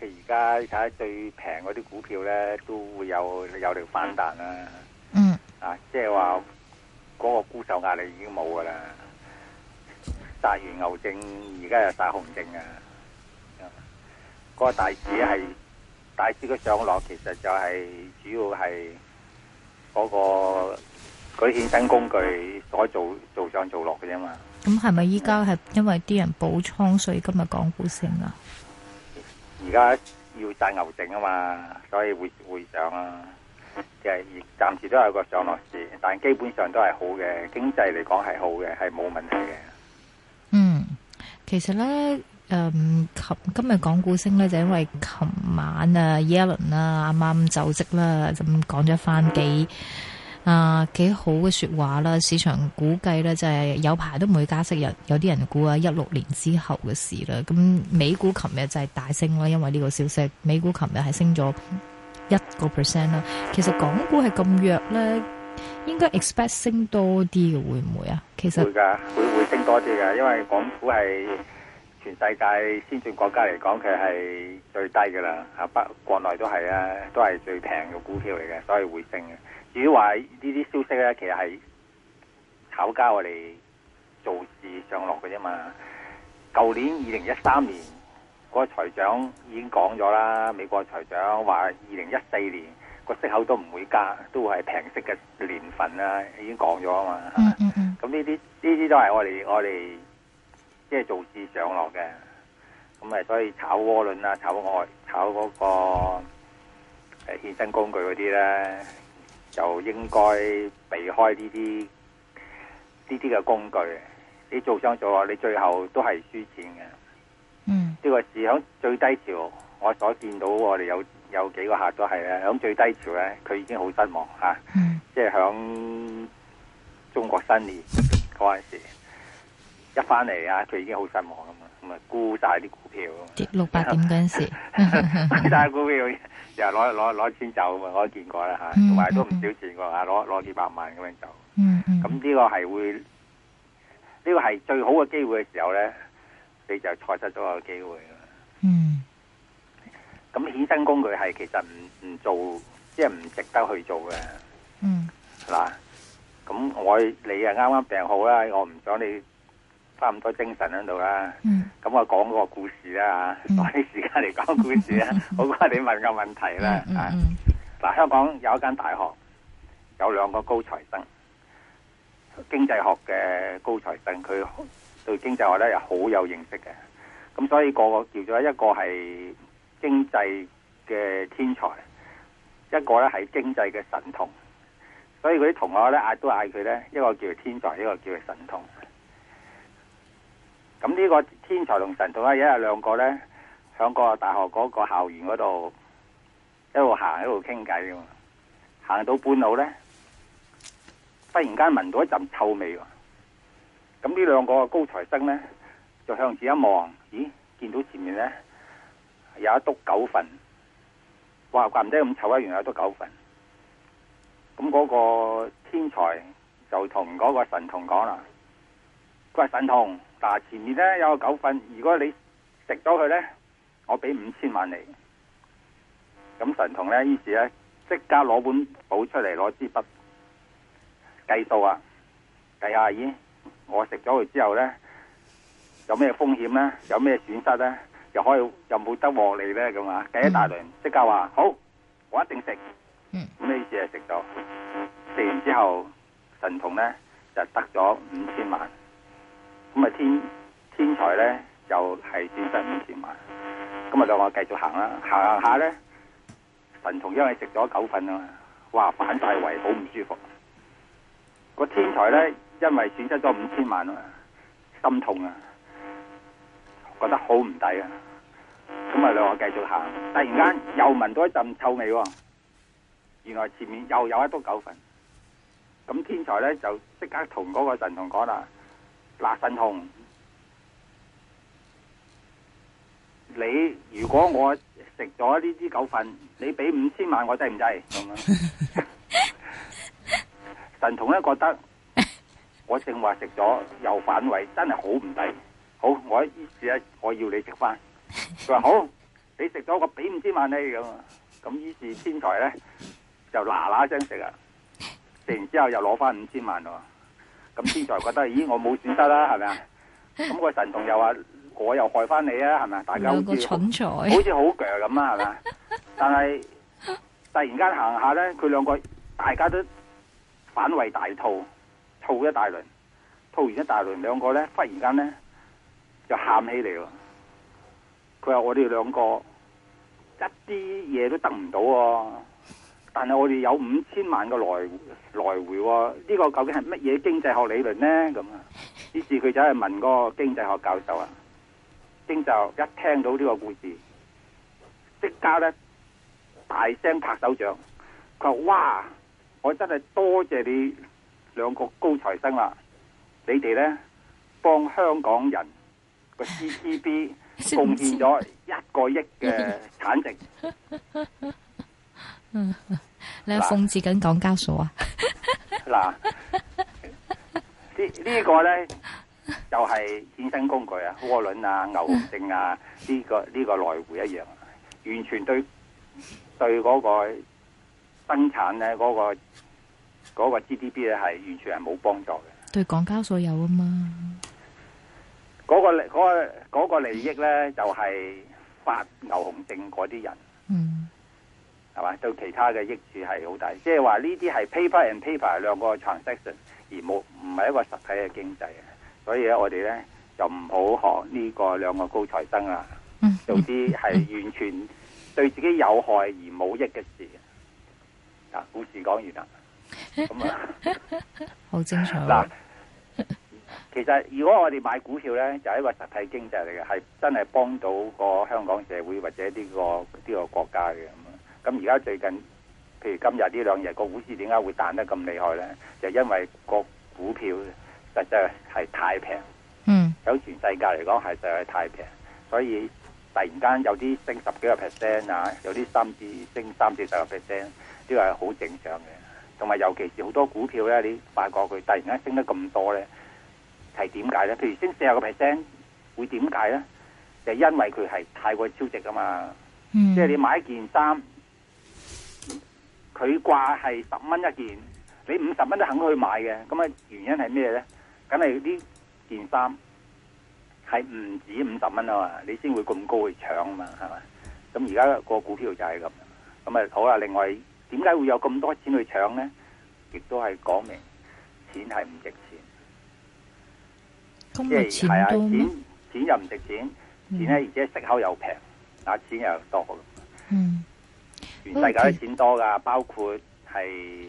佢而家睇最平嗰啲股票咧，都會有有力反彈啦、啊。嗯，啊，即係話嗰個沽售壓力已經冇㗎啦。殺完牛證，而家又殺熊證啊！嗰、嗰個大市係大市嘅上落，其實就係主要係嗰、嗰個佢衍生工具所做做上做落嘅啫嘛。咁係咪依家係因為啲人補倉，所以今日港股升啊？而家要賺牛證啊嘛，所以會會上啊，即係暫時都有個上落市，但基本上都係好嘅，經濟嚟講係好嘅，係冇問題嘅。嗯，其實咧，誒、嗯，琴今日港股升咧，就因為琴晚啊耶 e 啊，啱啱就職啦，咁講咗翻幾。啊，幾好嘅說話啦！市場估計咧就係有排都唔會加息人，有啲人估啊一六年之後嘅事啦。咁美股琴日就係大升啦，因為呢個消息，美股琴日係升咗一個 percent 啦。其實港股係咁弱咧，應該 expect 升多啲嘅會唔會啊？其實會噶，會會升多啲噶，因為港股係。全世界先進國家嚟講，佢係最低嘅啦，嚇！不國內都係啊，都係最平嘅股票嚟嘅，所以會升嘅。至於話呢啲消息咧，其實係炒家我哋做事上落嘅啫嘛。舊年二零一三年，嗰個財長已經講咗啦，美國財長話二零一四年個息口都唔會加，都會係平息嘅年份啦，啊，已經講咗啊嘛。咁呢啲呢啲都係我哋我哋，即係做市上落嘅，咁咪所以炒渦輪啊、炒外、炒嗰、那個誒衍生工具嗰啲咧，就應該避開呢啲呢啲嘅工具。你做上做落，你最後都係輸錢嘅。嗯、呢、這個係響最低潮，我所見到我哋有有幾個客都係咧，響最低潮咧，佢已經好失望吓、啊嗯，即係響中國新年嗰陣時。一翻嚟啊，佢已經好失望噶嘛，咁啊沽晒啲股， 股票，跌六百點嗰陣時，但股票又攞攞攞錢走嘛啊，我都見過啦吓，同埋都唔少錢噶吓，攞攞幾百萬咁樣走，咁、嗯、呢、嗯呢個係會，呢、呢個係最好嘅機會嘅時候咧，你就錯失咗個機會啦。嗯，咁衍生工具係其實唔唔做，即係唔值得去做嘅。嗯，嗱，咁我你啊啱啱病好啦，我唔想你。差唔多精神喺度啦，咁我講個故事啦，攞、嗯、啲時間嚟講故事啦，好、嗯、過你問個問題啦。嗱、嗯嗯啊，香港有一間大學，有兩個高材生，經濟學嘅高材生，佢對經濟學咧又好有認識嘅，咁所以個個叫做一個係經濟嘅天才，一個咧係經濟嘅神童，所以嗰啲同學咧嗌都嗌佢咧，一個叫做天才，一個叫做神童。咁呢個天才同神童咧，一日兩個咧，響個大學嗰個校園嗰度一路行一路傾偈嘛，行到半路咧，忽然間聞到一陣臭味，咁呢兩個高材生咧就向前一望，咦，見到前面咧有一篤狗糞，哇，怪唔得咁臭啦，原來有篤狗糞，咁嗰個天才就同嗰個神童講啦。個神童，嗱，前面咧有個狗糞，如果你食咗佢咧，我俾五千萬你。咁神童咧，於是咧即刻攞本簿出嚟，攞支筆計數啊，計下先。我食咗佢之後咧，有咩風險咧？有咩損失咧？又可以又冇得獲利咧？咁啊，計一大輪，即刻話好，我一定食。嗯，咁呢次係食咗。食完之後神童咧就得咗五千萬。咁啊天天才咧就係損失五千萬，咁啊就話繼續行啦，行下咧神童因為食咗狗糞啊嘛，哇反晒胃好唔舒服。個天才咧因為損失咗五千萬啊，心痛啊，覺得好唔抵啊，咁啊兩話繼續行，突然間又聞到一陣臭味，原來前面又有一堆狗糞，咁天才咧就即刻同嗰個神童講啦。嗱，神童，你如果我食咗呢啲狗糞，你俾五千萬我得唔得？ 神童咧覺得我正話食咗又反胃，真係好唔抵。好，我於是咧我要你食翻。佢話好，你食咗我俾五千萬你咁。咁於是天才咧就嗱嗱聲食啊，食完之後又攞翻五千萬喎。咁天才覺得，咦，我冇損失啦，係咪啊？咁個神童又話，我又害翻你啊，係咪啊？有個蠢才，好似好強咁啊，係咪啊？但係突然間行下咧，佢兩個大家都反胃大吐，吐一大輪，吐完一大輪，兩個咧忽然間咧就喊起嚟咯。佢話，我哋兩個一啲嘢都得唔到喎。但係我哋有五千萬個來來回，呢、哦，這個究竟係乜嘢經濟學理論呢？咁啊，於是佢就係問個經濟學教授啊，經濟學一聽到呢個故事，即刻咧大聲拍手掌，佢話：哇！我真係多謝你兩個高材生啦，你哋呢，幫香港人個 GDP 貢獻咗一個億嘅產值。 嗯，你係諷刺緊港交所啊？嗱，這個、呢呢個咧，就係、是、衍生工具啊，窩輪啊、牛熊證啊，呢、這個呢、這個來回一樣，完全對對嗰個生產咧，嗰、那個、那個 GDP 咧係完全係冇幫助嘅。對港交所有啊嘛，嗰、那個利、那個那個利益咧，就係、是、發牛熊證嗰啲人。嗯。係嘛？對其他嘅益處係好大，即係話呢啲係 paper and paper 兩個 transaction，而冇唔係一個實體嘅經濟。所以咧我哋咧就唔好學呢個兩個高材生啊，做啲係完全對自己有害而冇益嘅事。嗱，故事講完啦，咁啊，好正常。嗱，其實如果我哋買股票咧，就係一個實體經濟嚟嘅，係真係幫到個香港社會或者呢個呢個國家嘅。咁而家最近，譬如今日呢兩日個股市點解會彈得咁厲害咧？就是、因為個股票實在係太平，響、嗯、全世界嚟講係實在太平，所以突然間有啲升十幾個 percent 啊，有啲甚至升三四十個 percent，呢個係好正常嘅。同埋尤其是好多股票咧，你發覺佢突然間升得咁多咧，係點解咧？譬如升四十個 percent，會點解咧？就係、因為佢係太過超值啊嘛，即、嗯、係、就是、你買一件衫。佢掛係十蚊一件，你五十蚊都肯去買嘅，咁啊原因係咩咧？梗係呢件衫係唔止五十蚊啊嘛，你先會咁高去搶啊嘛，係咪？咁而家個股票就係咁，咁啊好啦。另外，點解會有咁多錢去搶咧？亦都係講明錢係唔值錢，即係係啊，錢錢又唔值錢，錢咧、嗯、而且食口又平，揦錢又多。嗯。Okay. 全世界啲錢多噶，包括係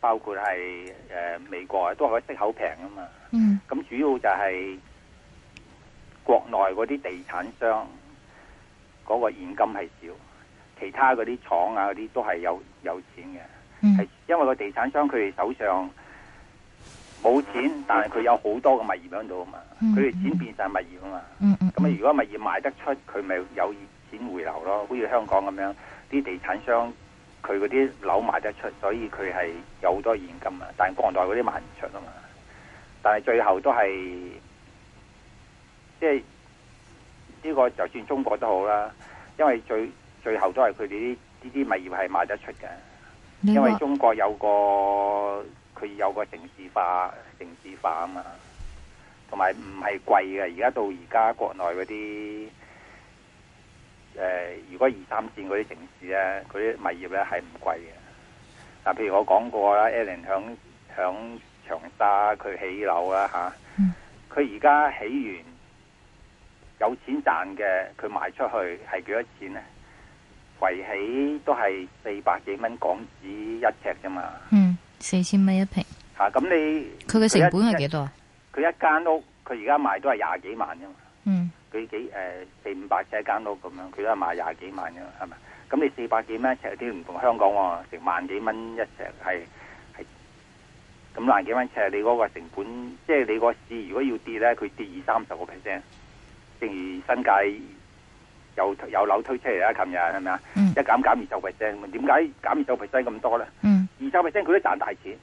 包括係誒、呃、美國啊，都係佢息口平啊嘛。咁、mm. 主要就係國內嗰啲地產商嗰、嗰個現金係少，其他嗰啲廠啊嗰啲都係有有錢嘅，係、mm. 因為個地產商佢哋手上冇錢，但係佢有好多嘅物業喺度啊嘛。佢哋錢變晒物業啊嘛。咁啊，如果物業賣得出，佢咪有錢回流咯，好似香港咁樣。啲地產商佢嗰啲樓賣得出，所以佢係有好多現金啊。但係國內嗰啲賣唔出啊嘛，但係最後都係即係呢個就算中國都好啦，因為最最後都係佢哋啲呢啲物業係賣得出嘅，因為中國有個佢有個城市化，城市化啊嘛，同埋唔係貴嘅，而家到而家國內嗰啲。誒、呃，如果二三線嗰啲城市咧，嗰啲物業咧係唔貴嘅。但、啊、譬如我講過啦，Alan 響響長沙佢起樓啦吓，佢而家起完有錢賺嘅，佢賣出去係幾多錢咧？圍起都係四百幾蚊港紙一尺啫嘛。嗯，四千蚊一平。吓、啊，咁你佢嘅成本係幾多啊？佢一間屋，佢而家賣都係廿幾萬啫嘛。佢幾誒四五百尺一間屋咁樣，佢都係賣廿幾萬嘅，係咪？咁你四百幾蚊一尺有啲唔同香港喎，哦，成萬幾蚊一尺，係係。咁萬幾蚊尺，你嗰個成本，即係你個市如果要跌咧，佢跌二三十個 percent。正如新界有有樓推出嚟啦，琴日係咪啊？一減減二十 percent。點解減二十 percent 咁多咧？二十 percent 佢都賺大錢。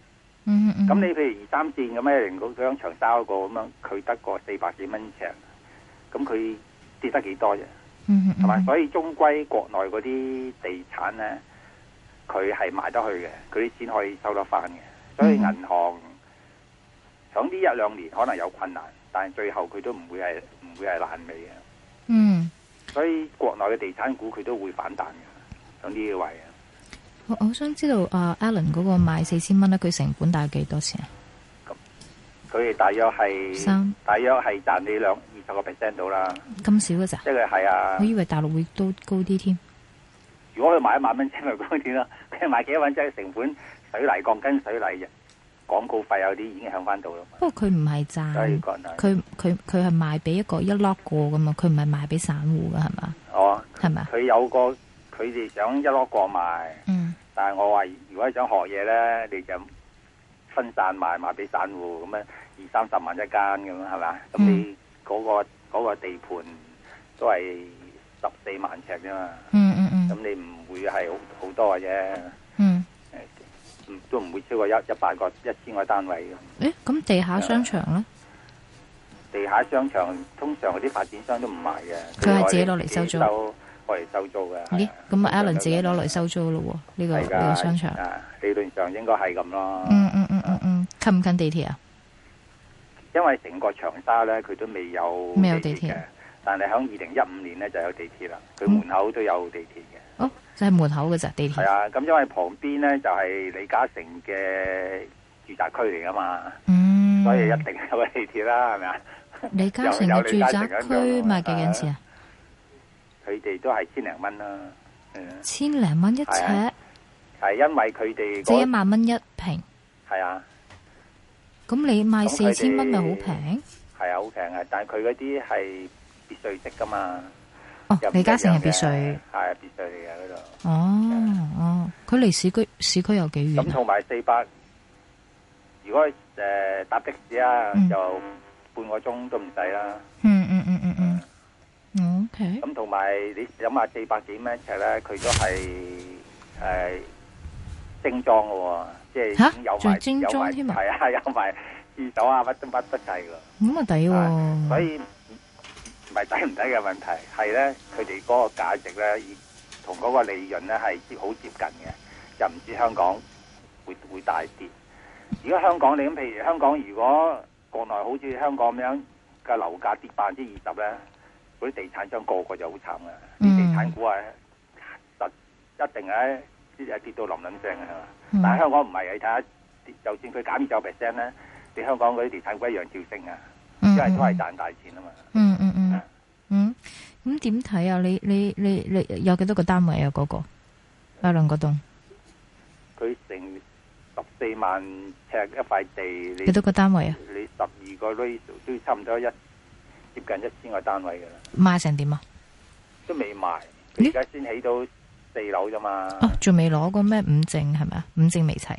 咁你譬如二三線咁咧，如果長沙個咁樣，佢得個四百幾蚊尺。咁佢跌得幾多啫？同、嗯、埋、嗯、所以中歸國內嗰啲地產咧，佢係賣得去嘅，佢啲錢可以收得翻嘅。所以銀行響呢、嗯、一兩年可能有困難，但係最後佢都唔會係唔會係爛尾嘅。嗯，所以國內嘅地產股佢都會反彈嘅，響呢個位啊。我我想知道啊，Allen 嗰個買四千蚊咧，佢成本大約幾多錢啊？佢哋大約係三，3? 大約係賺呢兩。十個 percent 到啦，咁少嘅、啊、咋？即係係啊！我以為大陸會都高啲添。如果佢賣一萬蚊，真、就、係、是、高啲啦。佢賣幾多蚊？即係成本水泥鋼筋水泥嘅廣告費有啲已經影響翻到咯。不過佢唔係賺，佢佢佢係賣俾一個一 lock 過嘅嘛。佢唔係賣俾散戶嘅係嘛？哦，係咪？佢有個佢哋想一 lock 過賣，嗯，但係我話如果你想學嘢咧，你就分散賣賣俾散戶，咁樣二三十萬一間咁樣係嘛？咁你。嗯嗰個嗰個地盤都係十四萬尺啫嘛，咁你唔會係好好多嘅，啫，都唔會超過一一百個、一千個單位嘅。誒，咁地下商場咧？地下商場通常嗰啲發展商都唔賣嘅，佢係自己攞嚟收租，攞嚟收租嘅。咦，咁阿倫自己攞嚟收租咯？呢個呢個商場？理論上應該係咁咯。嗯嗯嗯嗯嗯，近唔近地鐵啊？因為成個長沙咧，佢都未有未有地鐵嘅，但係喺二零一五年咧就有地鐵啦。佢門口都有地鐵嘅，哦，就係門口嘅啫。地鐵係啊，咁因為旁邊咧就係李嘉誠嘅住宅區嚟噶嘛，嗯，所以一定有個地鐵啦，係咪啊？李嘉誠嘅住宅區賣幾錢啊？佢哋都係千零蚊啦，千零蚊一尺。係因為佢哋，即係一萬蚊一平。係啊。咁你賣四千蚊咪好平？係啊，好平啊！但係佢嗰啲係別墅式噶嘛。哦，李嘉誠係別墅，係別墅嚟嘅嗰度。哦哦，佢離市區市區有幾遠？咁同埋四百，如果誒搭的士啊，就半個鐘都唔使啦。嗯嗯嗯嗯嗯。OK。咁同埋你諗下，四百幾蚊一尺咧，佢都係係精裝嘅。有埋，最正宗添啊！係啊，有埋，二手啊，乜都不得計噶。咁啊，抵喎。所以唔係抵唔抵嘅問題，係咧佢哋嗰個價值咧，同嗰個利潤咧係好接近嘅。又唔知香港會會大跌。如果香港你咁，譬如香港如果國內好似香港咁樣嘅樓價跌百分之二十咧，嗰啲地產商個個就好慘啊。啲、嗯、地產股啊，實一定喺跌啊，跌到冧冧聲嘅係嘛。嗯、但係香港唔係，你睇下，就算佢減咗 percent 咧，你香港嗰啲地產鬼一樣跳升啊、嗯嗯！因為都係賺大錢啊嘛。嗯嗯嗯嗯，咁點睇啊？你你你你有幾多個單位啊？嗰、那個八兩個棟，佢成十四萬尺一塊地，幾多個單位啊？你十二個 ratio 都差唔多一接近一千個單位㗎啦。賣成點啊？都未賣，佢而家先起到。四樓啫嘛，哦，仲未攞過咩五證係咪啊？五證未齊，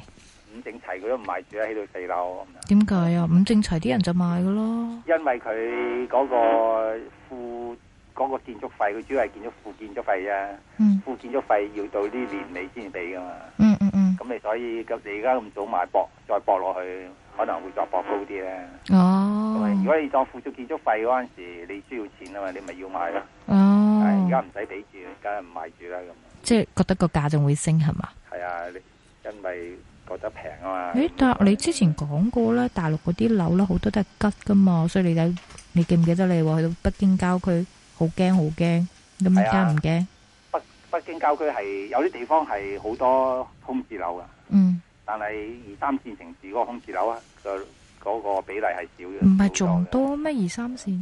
五證齊佢都唔買住啦，喺度四樓。點解啊？五證齊啲人就買噶咯，因為佢嗰個付嗰個建築費，佢主要係付建築費啫，嗯，付建築費要到呢年尾先俾噶嘛，嗯嗯嗯，咁你所以咁你而家咁早買搏，再搏落去可能會再搏高啲啊，哦，如果你當付出建築費嗰陣時，你需要錢啊嘛，你咪要買咯，哦，而家唔使俾住，梗係唔買住啦咁。即係覺得個價仲會升係嘛？係啊，你因為覺得平啊嘛。誒，但係你之前講過啦，大陸嗰啲樓咧好多都係吉噶嘛，所以你睇，你記唔記得你話去到北京郊區好驚好驚，咁而家唔驚。北北京郊區係有啲地方係好多空置樓噶，嗯，但係二三綫城市嗰個空置樓啊嘅嗰個比例係少嘅，唔係仲多咩？二三綫，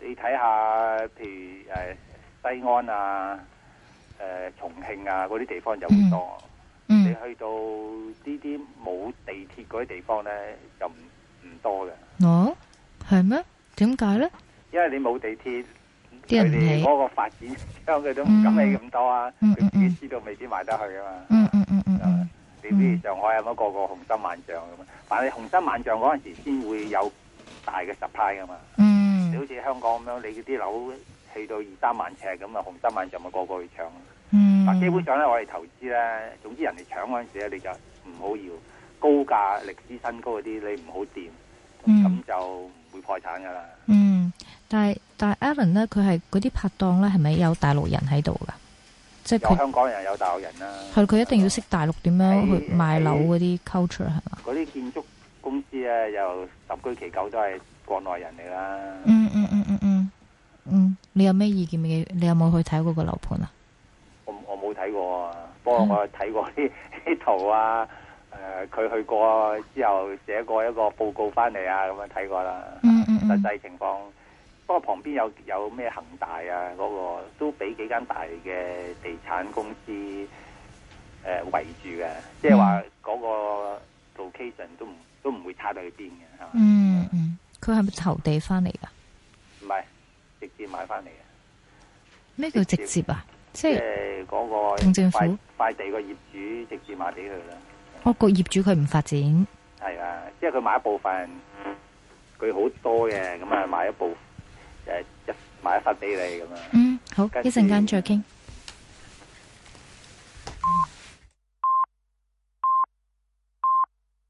你睇下譬如誒西安啊。慶啊，嗰啲地方就會多，嗯嗯。你去到呢啲冇地鐵嗰啲地方咧，就唔唔多嘅。哦，係咩？點解咧？因為你冇地鐵，佢哋嗰個發展商佢都唔敢起咁多啊。佢、嗯嗯嗯嗯、自己知道未必賣得去啊嘛。嗯嗯嗯嗯，你比如上海有冇、嗯、個個紅心萬象？咁啊？凡係紅心萬象嗰陣時，先會有大嘅 supply 噶嘛。嗯，你好似香港咁樣，你啲樓去到二三萬尺咁啊，紅心萬象咪個個去搶。嗯、基本上咧，我哋投資咧，總之人哋搶嗰陣時咧，你就唔好要，要高價歷史新高嗰啲，你唔好掂，咁、嗯、就唔會破產噶啦。嗯，但係但係 Alan 呢，佢係嗰啲拍檔咧，係咪有大陸人喺度噶？即係有香港人，有大陸人啦、啊。係佢一定要識大陸點樣去賣樓嗰啲 culture 係嘛？嗰啲建築公司咧，又十居其九都係國內人嚟、啊、啦。嗯嗯嗯嗯嗯，你有咩意見嘅？你有冇去睇過個樓盤啊？睇過，不過我睇過啲啲圖啊，誒、呃，佢去過之後寫過一個報告翻嚟、mm-hmm. 啊，咁樣睇過啦。嗯嗯，實際情況，不過旁邊有有咩恒大啊，嗰、那個都俾幾間大嘅地產公司誒圍、呃、住嘅，即係話嗰個 location 都唔都唔會差到去邊嘅吓。嗯嗯，佢係咪投地翻嚟噶？唔係，直接買翻嚟嘅。咩叫直接啊？即係嗰個同政府快地個業主直接賣俾佢啦。我個業主佢唔發展。係啊，即係佢買一部分，佢好多嘅，咁啊買一部誒一買一份俾你咁樣。嗯，好，一陣間再傾。